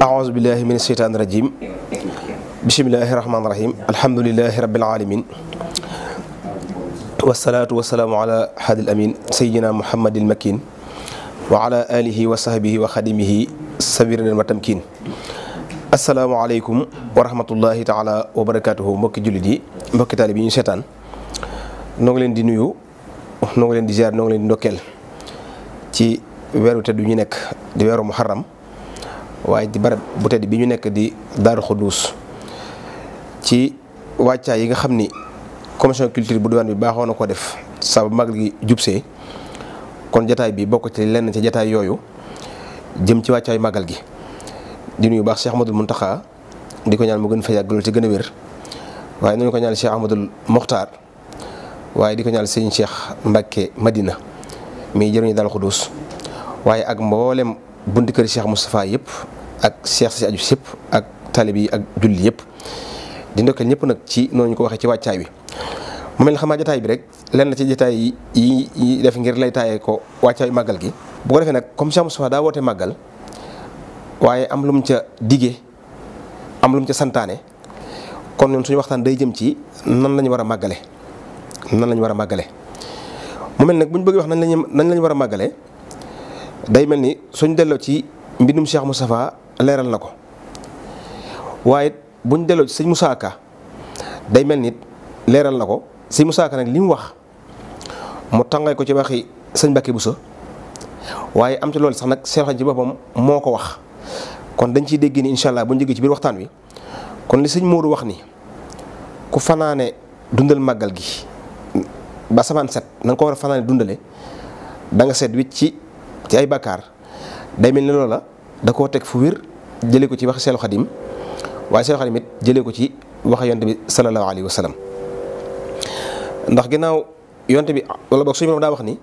أعوذ بالله من الشيطان الرجيم بسم الله الرحمن الرحيم الحمد لله رب العالمين والصلاة والسلام على حد الأمين سيدنا محمد المكين وعلى آله وصحبه وخدمه سبير المتمكين asalaamaaleykum wa rahmatullahi taala leen di nuyu noo ngi leen di ziar noo ci weeru tedd yu nekk di weeru muharram waaye di barab bu tedd bi ñu nekk di Daaru Xuddus ci wàccaay yi nga xam ni commission culture bu diwaan bi baaxoo na ko def saa bu mag gi jubsee kon jataay bi bokk ci lenn ci jataay yooyu jëm ci wàccaayu màggal gi di nuyu baax Cheikh Ahmadul Muntaxa di ko ñaan mu gën fa yàgg loolu ci gën a wér waaye nañu ko ñaan Cheikh Ahmadul Mokhtar waaye di ko ñaan sëñ Cheikh Mbacke Madina mi jëruñu Daaru Xuddus waaye ak mboolem bunti kër Cheikh mustafaa yëpp ak Cheikh si aju yëpp ak talib yi ak julli yëpp di ndokkeel ñëpp nag ci noonu ñu ko waxee ci wàccaay wi. mu mel ne xamaa jotaay bi rek lenn ci jotaay yi yi def ngir lay taayee ko wàccaayu màggal gi. bu ko defee nag comme Cheikh Moustapha daa woote màggal waaye am lu mu ca digee am lu ca santaane kon noonu suñu waxtaan day jëm ci nan lañu war a màggale nan lañu war a màggale mu mel nag bu ñu bëgg wax nañ lañu nañ lañu war a màggale day mel ni suñ delloo ci mbindum Cheikh Moustapha leeral na ko waaye buñ delloo ci sëñ Moussa Ka day mel nit leeral na ko sëñ Moussa Ka nag li mu wax mu tàngaay ko ci waxi sëñ Mbacké Bousso waaye am ci loolu sax nag Cheikh ci boppam moo ko wax kon dañ ciy dégg ni incha allah buñ jógee ci biir waxtaan wi kon li sëñ Modou wax ni ku fanaane dundal màggal gi ba samaan set na nga ko war a fanaane dundale da nga wit ci ci ay bakkaar day mel ni loola da koo teg fu wér jëlee ko ci wax Seexul Xadim waaye Seexul Xadim it jëlee ko ci wax yonte bi sallallahu alayhi wa sallam ndax ginnaaw yonte bi wala boog suñu moom daa wax ni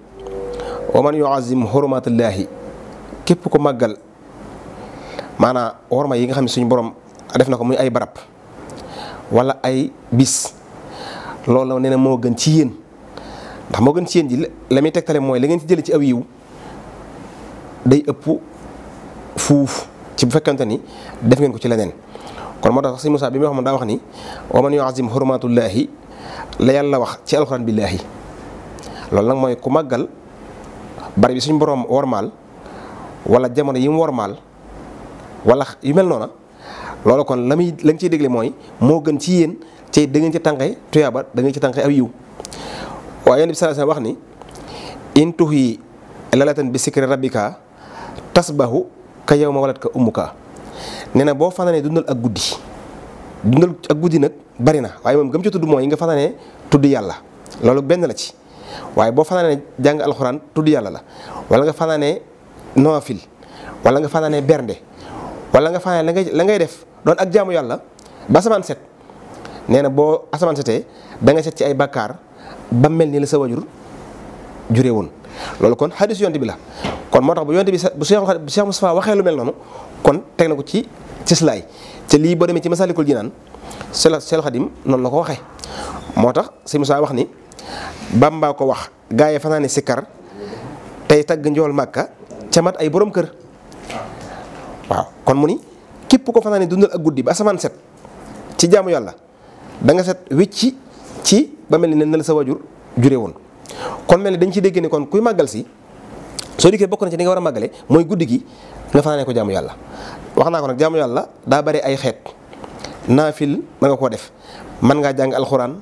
wa man yuazim hurmatillaahi képp ko màggal maanaam worma yi nga xam ne suñu borom def na ko muy ay barab wala ay bis loolu la nee na moo gën ci yéen ndax moo gën ci yéen ji la muy tegtale mooy la ngeen ci jëlee ci aw yiw day ëpp fuuf ci bu fekkante ni def ngeen ko ci leneen kon moo tax sax si Moussa bi muy wax man daa wax ni wa man yuazim hurmatullahi la yàlla wax ci alxuraan billaahi loolu nag mooy ku màggal bari bi suñ borom wormaal wala jamono yi mu wormaal wala yu mel noona loolu kon la muy lañ ciy dégle mooy moo gën ci yéen ci da ci tànqee tuyaaba da ngeen ci tànqee aw yiw waaye yonent bi sallallahu alayhi wax ni in tuhi lalatan bi sikri rabbika tasbahu ka yow ma walat ka ummuka nee na boo fanaanee dundal ak guddi dundal ak guddi nag bari na waaye moom gëm ci tudd mooy yi nga fanaanee tudd yàlla loolu benn la ci waaye boo fanaanee jàng alxuraan tudd yàlla la wala nga fanaanee noofil wala nga fanaanee bernde wala nga fanaanee la ngay la ngay def doon ak jaamu yàlla ba asamaan set nee na boo asamaan setee da nga set ci ay bakkaar ba mel ni la sa wajur juree woon loolu kon xadisu yonte bi la kon moo tax bu yonte bi bu Cheikh Moustapha waxee lu mel noonu kon teg na ko ci cislaay te lii boo demee ci ji Jinaan sel sel Xadim noonu la ko waxee moo tax si Moussa wax ni Bàmbaa ko wax gaa yi fanaane sikkar tey tagg njool màkka ca mat ay boroom kër waaw kon mu ni képp ko fanaane dundal ak guddi ba asamaan set ci jaamu yàlla danga set wecci ci ba mel ni ne la sa wajur jure woon kon mel ni dañ ci dégg ni kon kuy màggal si soo dikkee bokk na ci li nga war a màggale mooy guddi gi nga fanaanee ko jaamu yàlla wax naa ko nag jaamu yàlla daa bari ay xeet naafil mën nga koo def mën ngaa jàng alxuraan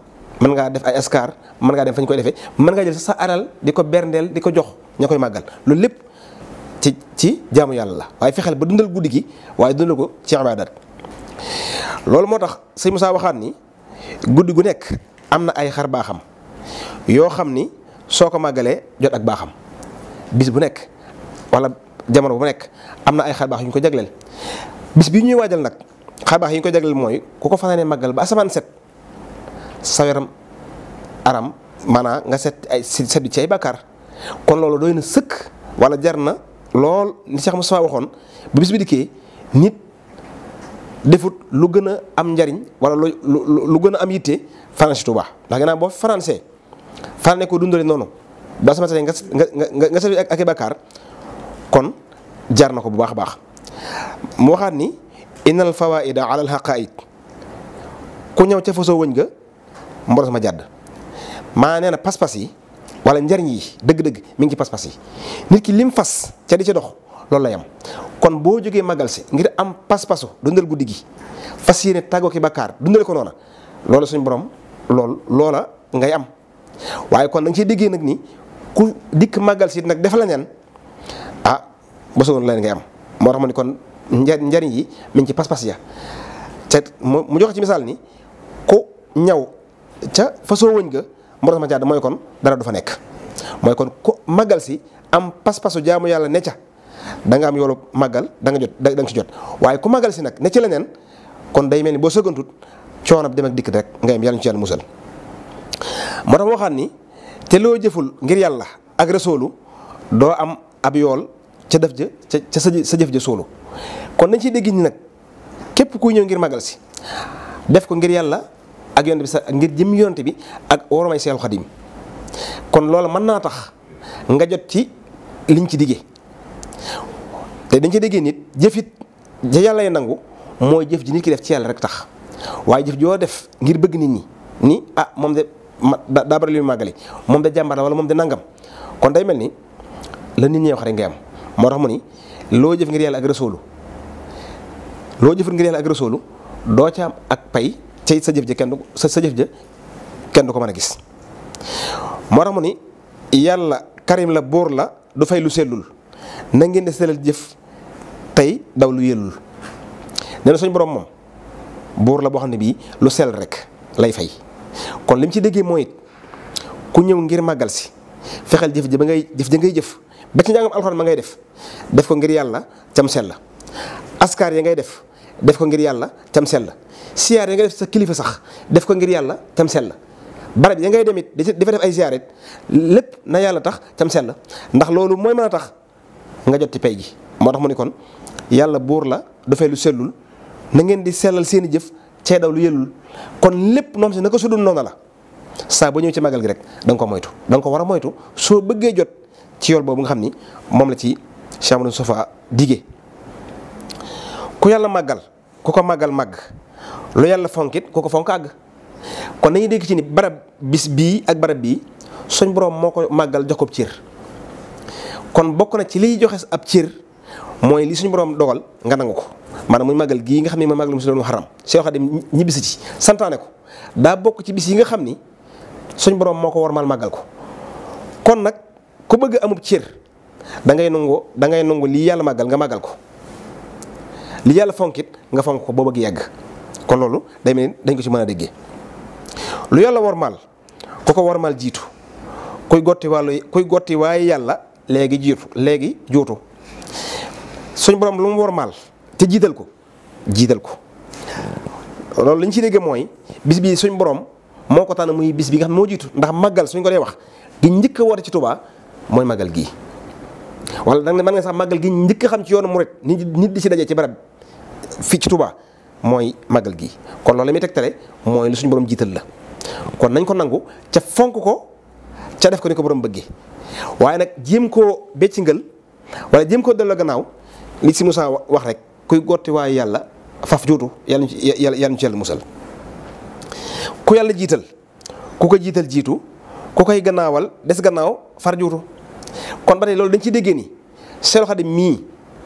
mën ngaa def ay askar mën ngaa dem fañ koy defee mën ngaa jël sa alal di ko berndeel di ko jox ñoo koy màggal loolu lépp ci ci jaamu yàlla la waaye fexeel ba dundal guddi gi waaye dundal ko ci ibadat loolu moo tax sëñ Moussa waxaat ni guddi gu nekk am na ay xar baaxam yoo xam ni soo ko màggalee jot ak baaxam bis bu nekk wala jamono bu nekk am na ay xar baax yu ñu ko jagleel bis bi ñuy waajal nag xar baax yi ñu ko jagleel mooy ku ko fanaanee màggal ba asamaan set sa aram manaa nga set ay set ci ay bàkkaar kon loolu doy na sëkk wala jar na lool ni Cheikh Moustapha waxoon bu bis bi dikkee nit defut lu gën a am njariñ wala lu lu gën a am yitte fanaan si Tuubaa ndax gannaaw boo fi fanaanee fanaan ko dundale noonu ba sama tey nga nga nga sori ak i bakkaar kon jaar na ko bu baax a baax mu waxaat ni innal fawaida ala al haqaid ku ñëw ca fasoo wëñ ga mboros ma jàdd maa nee na pas-pas yi wala njariñ yi dëgg-dëgg mi ngi ci pas-pas yi nit ki lim fas ca di ca dox loolu la am kon boo jógee magal si ngir am pas-pasu dundal guddi gi fas yi ne tàggoo ki bakkaar dundale ko noona loolu suñ borom loolu loola ngay am waaye kon da nga ciy déggee nag ni ku dikk màggal sii nag def la neen ah bosowoon leen ngay am moo tax ma ni kon njariñ yi mi ci pas-pas ya te mu joxe ci misaal ni ku ñaw ca façon wëñ ga moo tax ma jaad mooy kon dara du nekk mooy kon ku màggal si am pas-pasu jaamu yàlla ne ca da am yoolu màggal da nga jot da nga ci jot waaye ku màggal si nag ne ci leneen kon day mel ni boo sëggantut coono dem ak dikk rek nga yem yàlla ñu ci yàlla musal moo tax waxaat ni te loo jëful ngir yàlla ak rasoolu doo am ab yool ca def ja ca ca sa jëf ja soolu kon nañ ciy dégg ni nag képp kuy ñëw ngir màggal si def ko ngir yàlla ak yonte bi ngir jëm yonte bi ak woromay Seexul Xadiim kon loolu mën naa tax nga jot ci liñ ci diggee te dañ ci déggee nit jëfit ja yàlla ya nangu mooy jëf ji nit ki def ci yàlla rek tax waaye jëf joo def ngir bëgg nit ñi ni ah moom ma bari lu muy màggali moom da jàmbar la wala moom da nangam kon day mel ni la nit ñi wax ngay am moo tax mu ni loo jëf ngir yàlla ak rasoolu loo jëfut ngir yàlla doo ca am ak pay ca sa jëf ja kenn du sa jëf ja kenn du ko mën a gis moo tax mu ni yàlla karim la buur la du fay lu sellul na ngeen di sellal jëf tey daw lu yellul nee na suñu moom buur la boo xam ne bii lu sell rek lay fay. kon lim ci déggee mooy it ku ñëw ngir màggal si fexeel jëf ji ba ngay jëf ji ngay jëf ba ci njàngam alxuraan ma ngay def def ko ngir yàlla cam sell la askar ya ngay def def ko ngir yàlla cam sell la siyaar ya ngay def sa kilifa sax def ko ngir yàlla cam sell la barab ya ngay dem it di fa def ay siyaarit lépp na yàlla tax cam sell la ndax loolu mooy mën a tax nga jot ci pay gi moo tax mu ni kon yàlla buur la dafay lu sellul na ngeen di sellal seeni jëf cee daw lu yëlul kon lépp noo xam si naka su dul noonu la saa ba ñëw ci màggal gi rek da ko moytu da ko war a moytu soo bëggee jot ci yool boobu nga xam ni moom la ci Cheikh Amadou Sofa digee ku yàlla màggal ku ko màggal màgg lu yàlla fonkit ku ko fonk àgg kon nañu dégg ci ni barab bis bii ak barab bii suñ boroom moo ko màggal jox ko cër kon bokk na ci liy joxe ab cër mooy li suñ borom dogal nga nangu ko maanaam muy màggal gii nga xam ne mooy màggal musulmaan xaram Seex Xaadim ñibbisi ci santaane ko daa bokk ci bis yi nga xam ni suñu borom moo ko war maal màggal ko kon nag ku bëgg amub cër da ngay nangu da nangu lii yàlla màggal nga màggal ko li yàlla fonkit nga fonk ko boo bëgg yàgg kon loolu day dañ ko ci mën a déggee lu yàlla wormaal ku ko wormaal jiitu kuy gotti wàllu kuy gotti waaye yàlla léegi jiitu léegi juutu suñ borom lu mu wormaal te jiital ko jiital ko loolu li ci dégg mooy bis bi suñu borom moo ko tànn muy bis bi nga xam moo jiitu ndax màggal suñ ko dee wax gi njëkk a woote ci tubaa mooy màggal gii. wala da nga ne nga sax màggal gi njëkk a xam ci yoonu murit nit nit di si dajee ci barab fii ci Touba mooy màggal gii kon loolu la muy tegtale mooy lu suñ borom jiital la kon nañ ko nangu ca fonk ko ca def ko ni ko borom bëggee waaye nag jéem koo beccingal wala jéem ko delloo gannaaw. li si Moussa wax rek kuy gotti waaye yàlla faf juutu yàlla ñu ci yàlla ñu ci yàlla musal ku yàlla jiital ku ko jiital jiitu ku koy gannaawal des gannaaw far juutu kon ba tey loolu dañ ciy déggee ni Seex Xaadim mii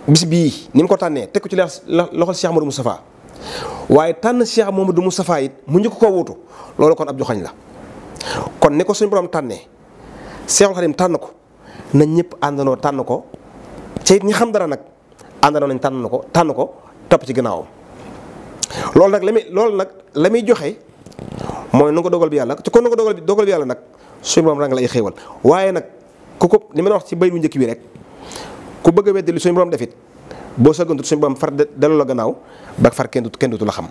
bis bii ni mu ko tànnee teg ko ci loxol Cheikh Amadou Moustapha waaye tànn Cheikh Amadou Moustapha it mu njëkk koo wuutu loolu kon ab joxañ la kon ni ko suñ borom tànnee Seexul Xaadim tànn ko na ñëpp àndandoo tànn ko ca it ñi xam dara nag àndandoo nañ tànn ko tànn ko topp ci ginnaawam loolu nag la muy loolu nag la muy joxe mooy nu ko dogal bi yàlla ci kon nu ko dogal bi dogal yàlla nag suñu borom rang la ay xéewal waaye nag ku ko li ma la wax ci bay bu njëkk bi rek ku bëgg a weddi li suñu borom defit boo sëggantut suñu borom far delloo la gannaaw ba far kenn du kenn dutu la xam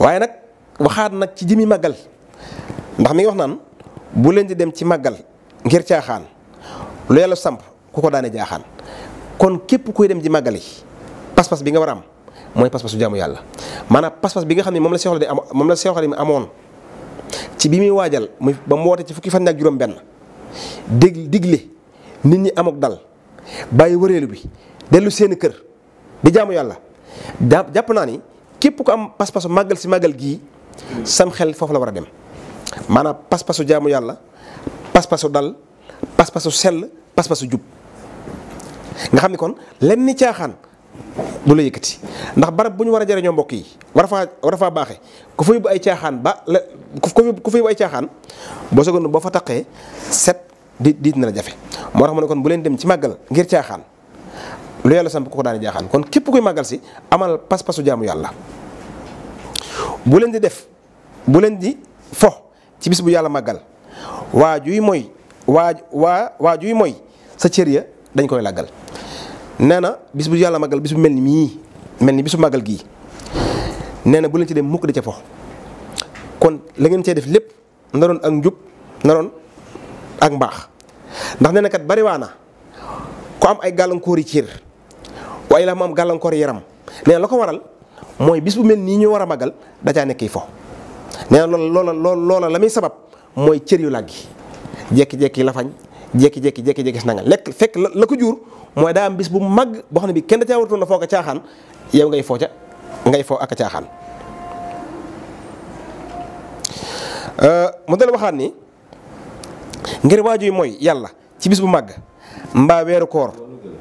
waaye nag waxaat nag ci jëmi màggal ndax mi ngi wax naan bu leen di dem ci màggal ngir caaxaan lu yàlla samp ku ko daane jaaxaan kon képp kuy dem ji màggali pas-pas bi nga war a am mooy pas-pasu jaamu yàlla maanaa pas-pas bi nga xam ne moom la Seex Xaadim am moom la Seex ci bi muy waajal muy ba mu woote ci fukki fan ak juróom-benn dég nit ñi amuk dal bàyyi wëreelu bi dellu seen kër di jaamu yàlla jàpp naa ni képp ku am pas-pasu màggal si màggal gii sam xel foofu la war a dem maanaam pas-pasu jaamu yàlla pas-pasu dal pas-pasu sell pas-pasu jub. nga xam ni kon lenn caaxaan du la yëkkati ndax barab bu ñu war a jëriñoo mbokk yi war a faa war a faa baaxee ku fa yóbbu ay caaxaan ba la ku fa yóbbu ay caaxaan boo sogoon boo fa taqee set di diit na la jafe moo tax ma ne kon bu leen dem ci màggal ngir caaxaan lu yàlla samp ku ko daani jaaxaan kon képp kuy màggal si amal pas-pasu jaamu yàlla bu leen di def bu leen di fo ci bis bu yàlla màggal waajuy mooy waaj waa waajuy mooy sa cër ya dañ koy làggal nee na bis bu yàlla magal bis bu mel nii mel ni bisu magal gii nee na bu leen ci dem mukk di ca fo kon la ngeen cee def lépp naroon ak njub naroon ak mbaax ndax nee na kat bariwaana ku am ay gàllankoor yi ciir waaye la mu am gàllankoor yaram nee la ko waral mooy bis bu mel nii ñu war a magal da caa nekk fo nee na loola loola la muy sabab mooy cër yu làggi jekki-jekki lafañ jékki-jékki jékki-jékki nanga lekk fekk la ko jur mooy daa am bis bu mag boo xam ne bi kenn da caa waratoon a foo ko caaxaan yow ngay foo ngay foo ak a caaxaan euh, mu dal waxaat ni ngir waajuy mooy yàlla ci bis bu màgg mbaa weeru koor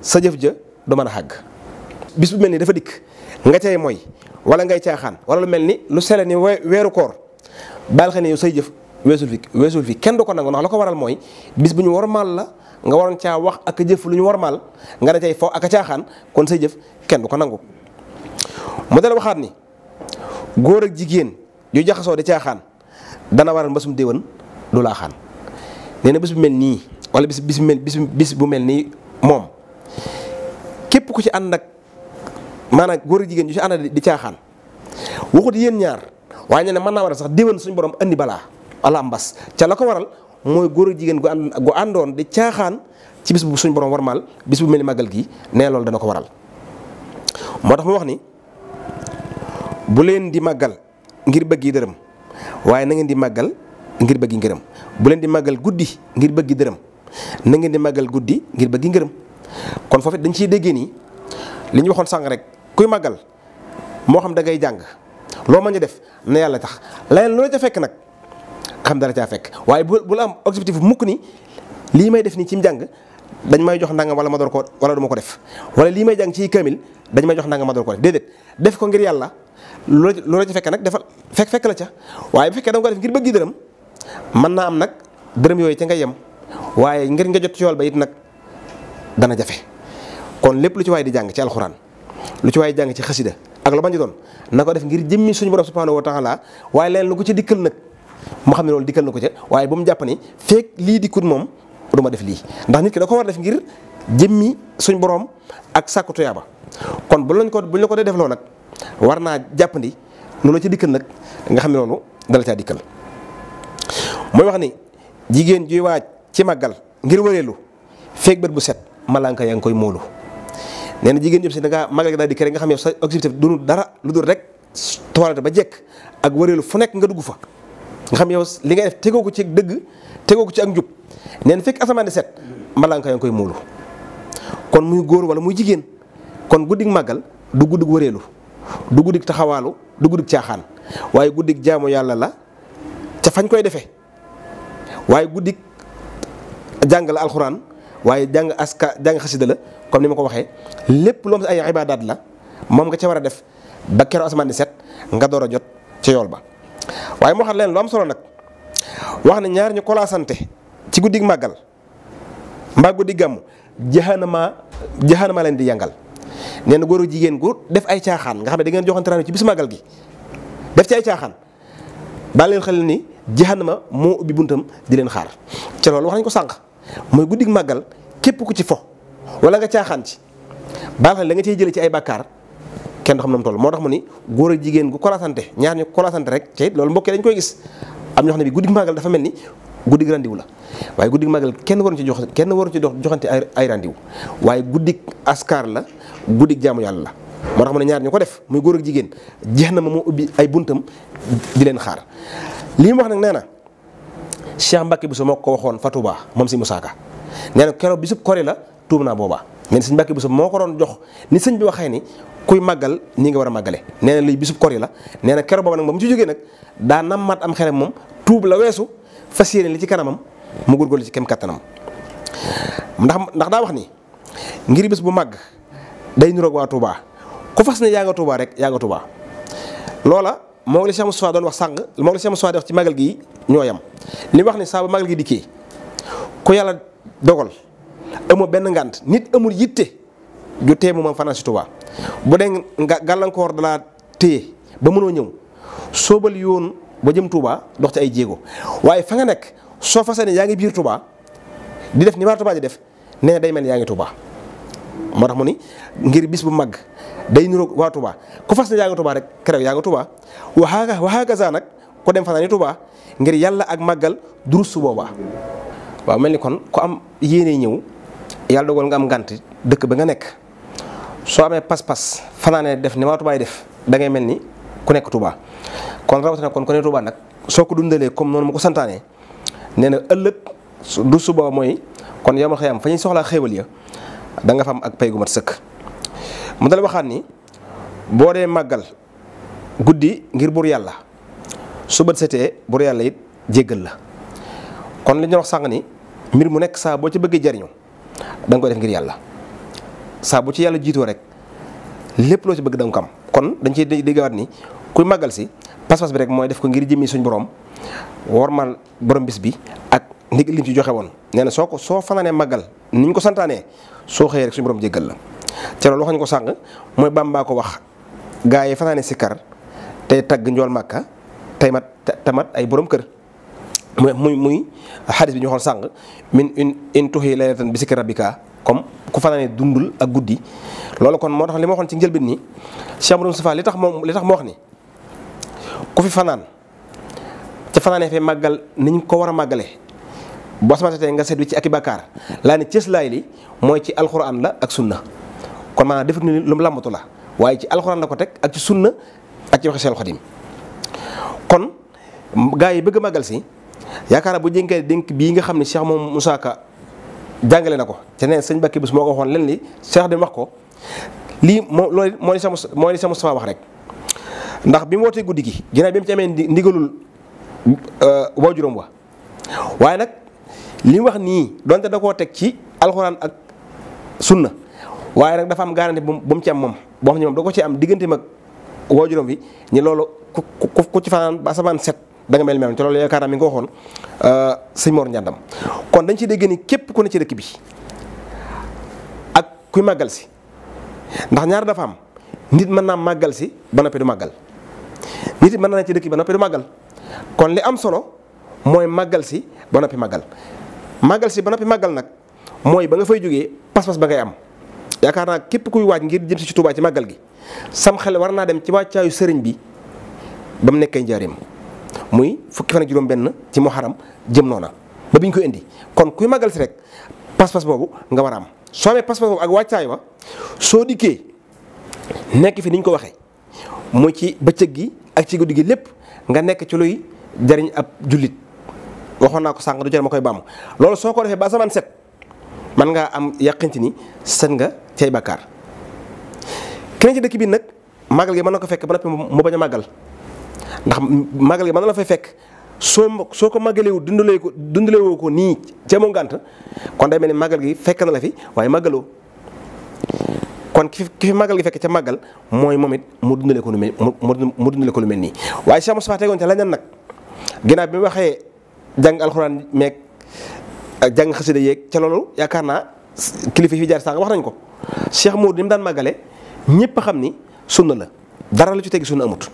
sa jëf ja du mën a xàgg bis bu mel ni dafa dikk nga cay mooy wala ngay caaxaan wala lu mel ni lu sele ni weeru koor baal xa ne yow say jëf weesul fi weesul kenn du ko nangu ndax la ko waral mooy bis bu ñu warmaal la nga waroon caa wax ak a jëf lu ñu warmaal nga da cay fo ak a caaxaan kon say jëf kenn du ko nangu. mu dal waxaat ni góor ak jigéen yu jaxasoo di caaxaan dana waral mbasum déwén du laaxaan nee na bis mel nii wala bis bis bu bis bu mel nii moom képp ku ci ànd ak maanaam góor jigéen yu ci di caaxaan waxut yéen ñaar waaye ñu ne mën naa waral sax déwén suñ borom andi balaa. alambas ca la ko waral mooy góor jigéen gu ànd gu àndoon di caaxaan ci bis bu suñ boroom borom warmaal bis bu mel ni màggal gi nee loolu dana ko waral moo tax mu wax ni bu leen di màggal ngir bëggi dërëm waaye na ngeen di màggal ngir bëggi ngërëm bu leen di màggal guddi ngir bëggi dërëm na ngeen di màggal guddi ngir bëggi ngërëm kon foofu dañ ciy déggee nii li ñu waxoon sànq rek kuy màggal moo xam dangay ngay jàng loo mën a def na yàlla tax leneen lu la ca fekk nag. xam dara caa fekk waaye bu bu la am objectif mukk ni lii may def nii ci jàng dañ may jox ndangam wala ma door ko wala du ko def wala lii may jàng ci kamil dañ may jox ndangam ma door ko def déedéet def ko ngir yàlla lu la ci fekk nag defal fekk la ca waaye bu fekkee ko def ngir bëgg dërëm mën naa nag dërëm yooyu ca nga yem waaye ngir nga jot ci yool ba it nag dana jafe kon lépp lu ci waay di jàng ci alxuraan lu ci waay jàng ci xasida ak la bañ doon na ko def ngir jëmmi suñu borom subhanahu wa taala waaye leen lu ko ci dikkal nag mu xam ne loolu dikkal na ko ca waaye ba mu jàpp ni feek lii dikkut moom du def lii ndax nit ki da ko war def ngir jëmmi suñ boroom ak sàkku ba kon bu lañ ko bu ñu ko dee defloo nag war naa jàppandi nu la ci dikkal nag nga xam ne loolu dala caa dikkal mooy wax ni jigéen juy waaj ci màggal ngir wëreelu feek bët bu set malaanka yaa ngi koy móolu nee jigéen ñëpp si da ngaa màggal gi daal di kere nga xam ne sa objectif dunu dara lu dul rek toilette ba jekk ak wëreelu fu nekk nga dugg fa nga xam yow li ngay def tegoo ko ci dëgg tegoo ko ci ak njub neen fekk asamaan set malaanka yaa koy muulu kon muy góor wala muy jigéen kon guddi màggal du guddig wëreelu du guddi taxawaalu du guddig caaxaan waaye guddi jaamu yàlla la ca fañ koy defee waaye guddik jàng la alxuraan waaye jàng aska jàng xasida la kon ni ma ko waxee lépp loo ay ibaadaat la moom nga ca war a def ba keroog asamaan set nga door a jot ca yool ba. waaye moo xam leen lu am solo nag wax ne ñaar ñu kolaasante ci guddi màggal mbaa guddi gàmm jahanama jahanama leen di yangal neen na góor jigéen gu def ay caaxaan nga xam ne da ngeen joxante raadu ci bis màggal gi def ci ay caaxaan baa leen xel ni jahanama moo ubbi buntam di leen xaar ca loolu wax nañ ko sànq mooy guddi màggal képp ku ci fo wala nga caaxaan ci baal xel la nga cey jëlee ci ay bàkkaar kenn xam na mu toll moo tax mu ni góor ak jigéen gu kolasante ñaar ñu kolasante rek te loolu mbokk dañ koy gis am ñoo xam ne bi guddig màggal dafa mel ni guddig rendiw la waaye guddig màggal kenn waruñ ci jox kenn waruñ ci dox joxante ay rendiw waaye guddig askar la guddig jaamu yàlla la moo tax mu ne ñaar ñu ko def muy góor jigéen jeex na ma moo ubbi ay buntam di leen xaar li mu wax nag nee na Cheikh bi Bousso moo ko waxoon fa Touba moom si Moussa Ka n na keroog bisub kori la tuub naa boobaa mais sëñ Mbàkke Buso moo ko doon jox ni sëñ bi waxee ni kuy màggal nii nga war a màggale nee na lii bisub kor yi la nee na kero booba nag ba mu ci jógee nag daa nammaat am xelam moom tuub la weesu fas yéene li ci kanamam mu góorgóorlu ci kem kàttanam ndax ndax daa wax ni ngir bis bu màgg day niroog waa Touba ku fas ne yaa nga Touba rek yaa nga Touba loola moo ngi la Cheikh Moustapha doon wax sànq moo ngi la Cheikh Moustapha di wax ci màggal gi ñoo yam li wax ni saa bu màggal gi dikkee ku yàlla amoo benn ngant nit amul yitte ju tee mu ma fanaan si Tuubaa bu dee nga gàllankoor dalaa téye ba mënoo ñëw soobal yoon ba jëm tubaa dox ci ay jéego waaye fa nga nekk soo fas ne yaa ngi biir tubaa di def ni waa Touba di def nee day mel yaa ngi Touba moo tax mu ni ngir bis bu mag day niroog waa tubaa ku fas ne yaa ngi Touba rek keroog yaa ngi Touba waxaaga waxaaga nag ku dem fanaan ni Touba ngir yàlla ak màggal durus su boobaa waaw mel ni kon ku am yéene ñëw. yàlla dogal nga am ngànt dëkk ba nga nekk soo amee pas-pas fanaane def ni ma tubaay def dangay mel ni ku nekk Touba kon rawatina kon ku nekk nag soo ko dundalee comme noonu ma ko santaane nee na ëllëg du suba mooy kon yow ma fa ñuy soxlaa xéewal da nga fa ak pay gu mat sëkk. mu dal waxaat ni boo dee màggal guddi ngir buur yàlla su bët setee buur yàlla it jéggal la kon li ñu wax sànq ni mbir mu nekk saa boo ci bëggee jariñu danga nga koy def ngir yàlla saa bu ci yàlla jiitoo rek lépp loo ci bëgg da nga am kon dañ ciy déggawaat ni kuy màggal si pas-pas bi rek mooy def ko ngir jëmmi suñ borom wormal borom bis bi ak ndigal lim ci joxe woon nee na soo ko soo fanaanee màggal ni ñu ko santaanee soo xëyee rek suñu borom jéggal la ca loolu waxuñu ko sànq mooy Bàmbaa ko wax gaa yi fanaane sikkar tey tagg njool màkka tey mat tamat ay boroom kër muy muy muy xadis bi ñu waxoon sànq min in in tuxi laylatan bi sikri rabbika comme ku fanaane dundul ak guddi loolu kon moo tax li ma ci njëlbeen nii Cheikh li tax moom li tax mu wax ni ku fi fanaan ca fanaanee fee màggal ni ñu ko war a màggalee boo samatatee nga seet wi ci ak i bàkkaar laa ne li mooy ci alxuraan la ak sunna kon maanaam defut ni lu mu làmbatu la waaye ci alxuraan la ko teg ak ci sunna ak ci waxe Seexul Xadim kon gaa yi bëgg màggal si yaakaar naa bu jënkee dénk bii nga xam ne Cheikh moom Moussa Ka jàngale na ko te nee sëñ ba bis moo ko waxoon leen li Cheikh dem wax ko lii moo loolu moo ni sa moo ni sa Moustapha wax rek ndax bi mu wootee guddi gi ginnaaw bi mu ci amee ndigalul euh, waajuram wa waaye nag li mu wax nii donte da koo teg ci alxuraan ak sunna waaye nag dafa am garanti bu mu ci am moom boo xam ne moom da ko ci am diggante mag waajuram bi ñu loolu ku ku ci fanaan ba asamaan set danga mel mel te loolu yaakaar naa mi nga waxoon euh, sëñ Mor kon dañ ci dégg ni képp ku ne ci dëkk bi ak kuy màggal si ndax ñaar dafa am nit mën naa màggal si ba noppi du màggal nit mën naa ci dëkk ba noppi màggal kon li am solo mooy màggal si ba noppi màggal maggal si ba noppi màggal nag mooy ba nga fay jógee pas-pas ba ngay am yaakaar naa képp kuy waaj ngir jëm ci Tuubaa ci màggal gi sam xel war naa dem ci wàccaayu sëriñ bi ba mu nekkee njaareem muy fukki fan juróom-benn ci muharram jëm noona ba bi ñu ko indi kon kuy màggal si rek pas boobu nga war a am soo amee pas boobu ak wàccaay wa soo dikkee nekk fi ni ñu ko waxee muy ci bëccëg gi ak ci guddi gi lépp nga nekk ci luy jariñ ab jullit waxoon naa ko sànq du jar ma koy bàmm loolu soo ko defee ba asamaan set man ngaa am yàqinti ni set nga cay bàkkaar keneen ci dëkk bi nag màggal gi mën na ko fekk ba noppi mu bañ a màggal ndax màggal gi mën na la fay fekk soo soo ko màggalewul dundalee ko dundalee woo ko nii jamo ngànt kon day mel ni màggal gi fekk na la fi waaye màggaloo kon ki fi màggal gi fekk ca màggal mooy moom it mu dundalee ko lu mel mu dundalee ko nii waaye Cheikh Moustapha tegoon ca leneen nag bi waxee jàng meeg ak jàng xasida yeeg ca loolu yaakaar naa kilifa yi fi jaar sànq wax nañ ko Cheikh Mourou ni mu daan màggale ñépp a xam ni sunna la dara la ci tegi sunna amut.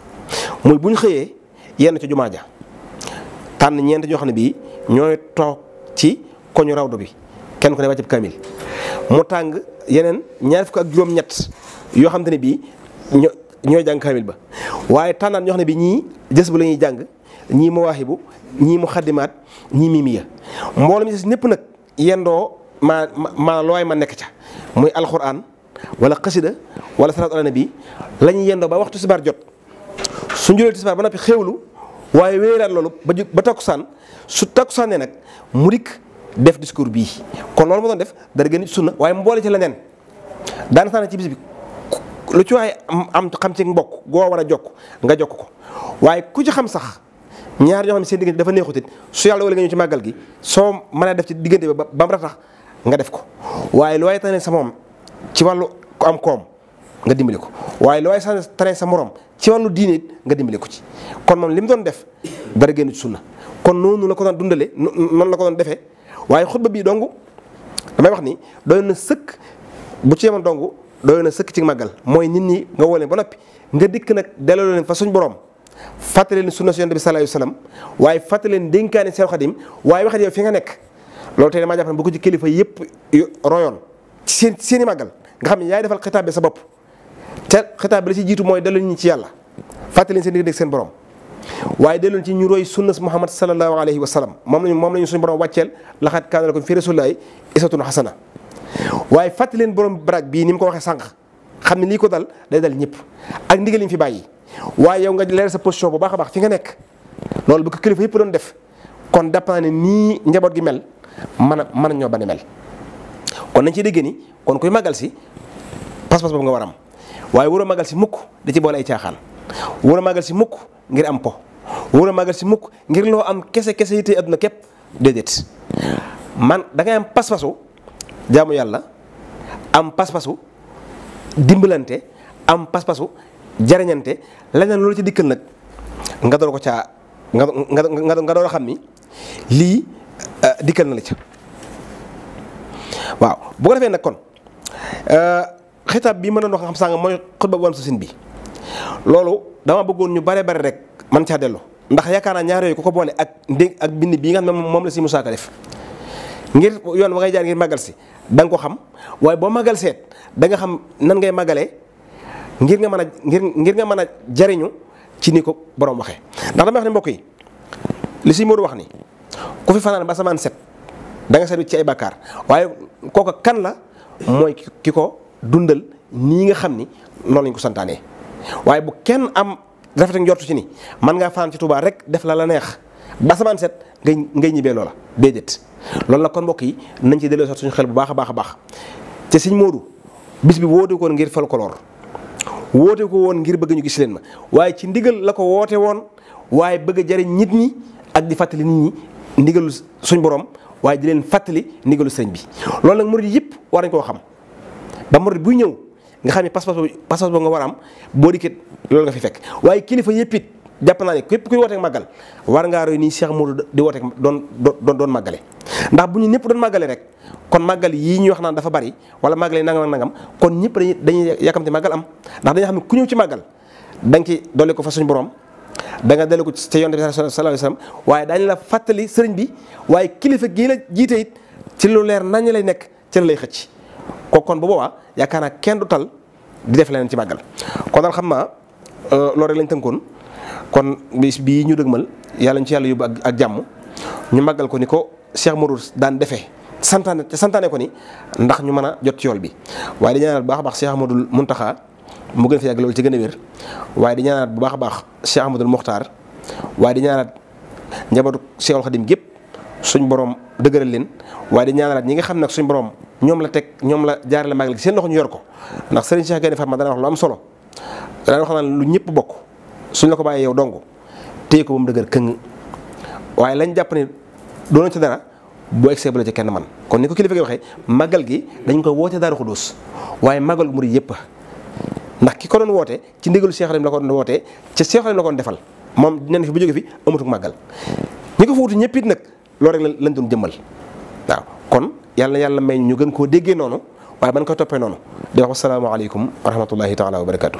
muy bu ñu xëyee yenn ci jumaa ja tànn ñeent ñoo xam ne bii ñooy toog ci koñu rawdu bi kenn ko ne wàccab kamil mu tàng yeneen ñaar fukk ak juróom-ñett yoo xam ne bii ñooy jàng kamil ba waaye tànnaan ñoo xam ne bii ñii jës bu la ñuy jàng ñii mawaahibu ñii mu xaddimaat ñii mimiya mbooloo mi des ñëpp nag yendoo maa maa looy ma nekk ca muy alxuraan wala xasida wala salaatu ala nabi la ñuy yendoo ba waxtu sibaar jot su njulee tisbaar ba noppi xéewlu waaye wéyalaat loolu ba ju ba takkusaan su takkusaan ne nag mu dikk def discours bii kon loolu ma doon def dara gën sunna waaye mu boole ci leneen daan saana ci bis bi lu ci waaye am xam ci mbokk goo war a jokk nga jokk ko waaye ku ci xam sax ñaar ñoo xam ne seen diggante dafa neexutit su yàlla wala nga ñëw ci màggal gi soo mën a def ci diggante bi ba mu ratax nga def ko waaye lu waaye tax ne sa moom ci wàllu am koom nga dimbali ko waaye lu waay sa tere sa moroom ci wàllu diine it nga dimbali ko ci kon moom li mu doon def dara génn ci sunna kon noonu la ko doon dundalee noonu la ko doon defee waaye ba bii dong damay wax ni doy na sëkk bu ci yemoon dong doy na sëkk ci maggal mooy nit ñi nga woo ba noppi nga dikk nag delloo leen fa suñ borom fàttali leen sunna si yonent bi sallallahu alayhi wasallam waaye fàttali leen dénkaane Seex dim waaye waxat yow fi nga nekk loolu tey damaa ci kilifa yëpp royoon ci seen seen nga xam ne yaay defal xitaab bi sa bopp te xitaab bi la ci jiitu mooy delloo ñu ci yàlla fàttali leen seen digg seen borom waaye delloo ci ñu roy sunnas Muhammad sallallahu alayhi wa sallam moom lañu moom lañu suñu borom wàcceel laxaat kaana lakum fi rasulillahi isatun xasana waaye fàtte leen borom baraag bii ni mu ko waxee sànq xam ne lii ko dal day dal ñëpp ak ndigal yi fi bàyyi waaye yow nga leer sa position bu baax a baax fi nga nekk loolu bu ko kilifa yëpp doon def kon dàpp nii njaboot gi mel mën a mën a ñoo ba ne mel kon ci dégg ni kon kuy si pas-pas boobu nga waaye war a si mukk da ci boole ay caaxaan war a màggal si mukk ngir am po war a si mukk ngir loo am kese kese yi tey àdduna képp man da ngay am pas-pasu jaamu yàlla am pas-pasu dimbalante am pas-pasu jariñante leneen loolu ci dikkal nag nga door ko caa nga nga nga door a xam ni lii eh, dikkal na la ca waaw bu ko defee nag kon. Eh, xitaab bii ma doon wax nga xam sàng mooy xutba bu am susin bi loolu dama bëggoon ñu bare bare rek man caa dellu ndax yaakaar naa ñaar yooyu ku ko boole ak ndé ak bind bii nga xam ne moom la si Musaa Ka def ngir yoon wa ngay jaar ngir màggal si da xam waaye boo seet da nga xam nan ngay màggalee ngir nga mën a ngir ngir nga mën a jariñu ci ni ko borom waxee ndax dama wax ne mbokk yi li si Modou wax ni ku fi fanaan ba samaan set da nga seetlu ci ay bàkkaar waaye kooka kan la mooy ki ko dundal nii nga xam ni loolu lañ ko santaanee waaye bu kenn am rafet ak njortu ci ni man ngaa fanaan ci Tuubaa rek def la la neex ba samaan set ngay ngay ñibbee loola déedéet loolu la kon mbokk yi nañ ci delloo sax suñu xel bu baax a baax a baax te sëñ Moodu bis bi woote ko woon ngir folklore woote ko woon ngir bëgg ñu gis leen ma waaye ci ndigal la ko woote woon waaye bëgg a nit ñi ak di fàttali nit ndigalu suñ borom waaye di leen fàttali ndigalu sëñ bi loolu nag murid yëpp war nañ koo xam ba murit buy ñëw nga xam ne pas-pas boobu pas-pas boobu nga war am boo dikkee loolu nga fi fekk waaye kilifa yëpp it jàpp naa ne képp kuy wooteek màggal war ngaa roy nii Cheikh Modou di wooteek doon doon doon màggale ndax bu ñu ñëpp doon màggale rek kon màggal yii ñuy wax naan dafa bari wala màggale yi nangam ak nangam kon ñëpp dañuy dañuy yàkkamte màggal am ndax dañuy xam ne ku ñëw ci màggal da nga ci dolli ko fa suñu borom da nga dolli ko ci yonent bi sallallahu alayhi wasallam waaye daañu la fàttali sëriñ bi waaye kilifa gii la jiite it ci lu leer nañ lay nekk ci la lay xëcc ko kon bu boobaa yaakaar naa kenn du tal di def leneen ci màggal kon daal xam naa euh, loolu rek lañ tënkoon kon bis bii ñu dëgmal yàlla ñu ci yàlla yóbbu ak ak jàmm ñu màggal ko ni ko Cheikh Mourou daan defee santaane te santaane ko ni ndax ñu mën a jot ci yool bi waaye di ñaanal bu baax baax Cheikh Ahmadul Muntaxa mu gën fi yàgg loolu ci gën a wér waaye di ñaanal bu baax a baax Cheikh Ahmadul Muxtaar waaye di ñaanal njabootu Cheikhul Xadim gépp suñ borom dëgëral leen waaye di ñaanalaat ñi nga xam nag suñ borom ñoom la teg ñoom la jaarale màggal gi seen loxo ñu yor ko ndax Serigne Cheikh Gaïndé Fatma dana wax lu am solo dana wax naan lu ñëpp bokk suñ la ko bàyyee yow dong téye ko ba mu dëgër këng waaye lañ jàpp ne doon ci dara boo egsee bu la kenn man kon ni ko kilifa gi waxee màggal gi dañ ko woote Daaru Xudoos waaye màggal gu murid yëpp ndax ki ko doon woote ci ndigalu Cheikh Ibrahim la ko doon wootee ca Cheikh Ibrahim la ko doon defal moom nen fi bu jóge fi amatuk màggal ñi ko fa ñëpp it nag loolu rek lañ doon jëmmal waaw kon yalla yàlla may ñu gën koo déggee noonu waaye ban ko toppee noonu di wax asalaamaaleykum wa rahmatullahi taala wa barakaatu.